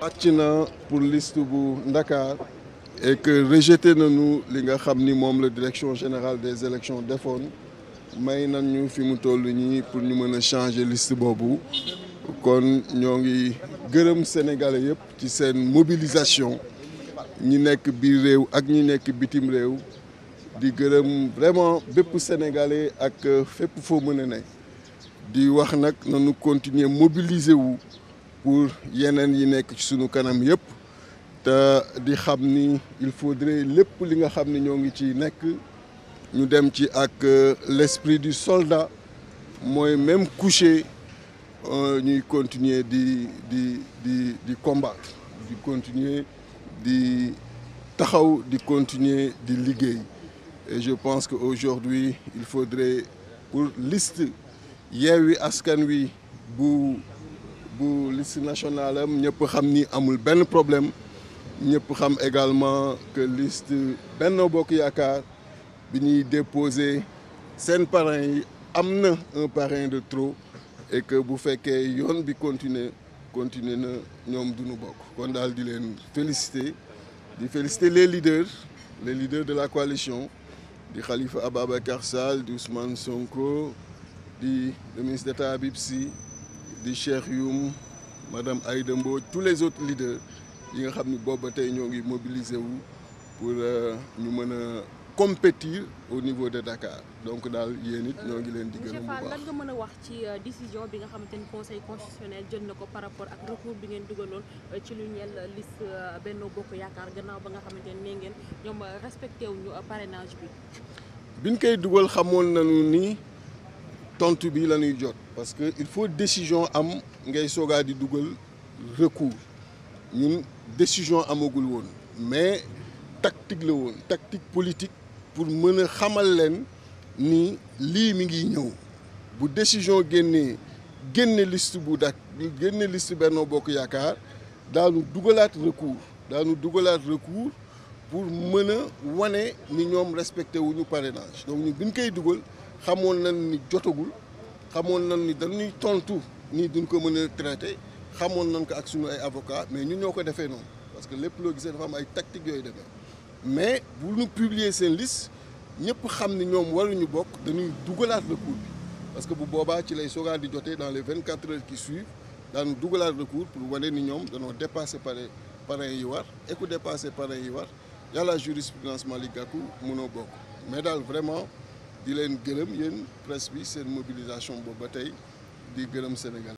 wàcc na pour list bu Ndakaar et que rejeté nañu li nga xam ni moom la direction générale des élections defoon may ñu fi mu toll ñi pour ñu mën a changer liste boobu kon ñoo ngi gërëm sénégalais yëpp ci seen mobilisation ñi nekk biir réew ak ñi nekk bitim réew di gërëm vraiment bépp sénégalais ak fépp foo mën a ne di wax nag nañu continuer mobiliser wu pour yeneen yi nekk ci suñu kanam yëpp te di xam ni il faudrait lépp li nga xam ni ñoo ngi ci nekk ñu dem ci ak euh, l'esprit du solda mooy même couché euh, ñuy continuer di di di di combattre di continuer di taxaw di continuer di liggéey et je pense que aujourd'hui il faudrait pour liste Yewwi Askan Wi bu bu liste nationale am ñëpp xam ni amul benn problème ñëpp xam également que liste Benno Bokk Yaakaar bi ñuy déposé seen parrain yi am na un parrain de trop et que bu fekkee yoon bi continuer continuer na ñoom duñu bokk kon daal di leen féliciter di féliciter les leaders les leaders de la coalition di Khalifa Ababacar Sall di Ousmane Sonko di le ministre d'État Habib Sy di Cheikh Youm madame Aïda Mbodj tous les autres leaders yi nga xam ni booba tey ñoo ngi mobiliser wu pour euh, ñu mën a compétir au niveau de Dakar donc daal yéen it ñoo ngi leen di gën a. bu baax nga mën a wax ci euh, décision bi nga xam ne conseil constitutionnel jël na ko par rapport ak recours bi ngeen dugaloon euh, ci lu ñeel liste Benno Bokk Yaakaar gannaaw ba nga xamante ne ngeen ñoom respecté wuñu parrainage bi. biñ koy dugal xamoon nañu ni. tontu bi la ñuy jot parce que il faut décision am ngay soogaa di dugal recours ñun décision amagul woon mais tactique la woon tactique politique pour mën a xamal leen ni lii mi ngi ñëw bu décision génnee génne list bu dak génne liste Benno Bokk Yaakaar daanu dugalaat recours daanu dugalaat recours pour mën a wane ni ñoom respecté wuñu parrainage donc ñu biñ koy dugal xamoon nañ ni jotagul xamoon nañ ni dañuy tontu nii duñ ko mën a traité xamoon nañ ko ak suñu ay avocat mais ñu ñoo ko defee noonu parce que lépp loo gisee dafa am ay tactique yooyu demee mais bu ñu publier seen liste ñëpp xam ni ñoom war ñu bokk dañuy dugalaat recours bi parce que bu boobaa ci lay soogaan di jotee dans les vingt quatre heures qui suivent daanu dugalaat recours pour wane ni ñoom danoo dépassé pare parrain yi war et ku dépassé parrain yi war yàlla jurisprudence Malick Gakou mënoo bokk mais daal vraiment di leen gërëm yéen presse bi seen mobilisation boobu ba tey di gërëm Sénégal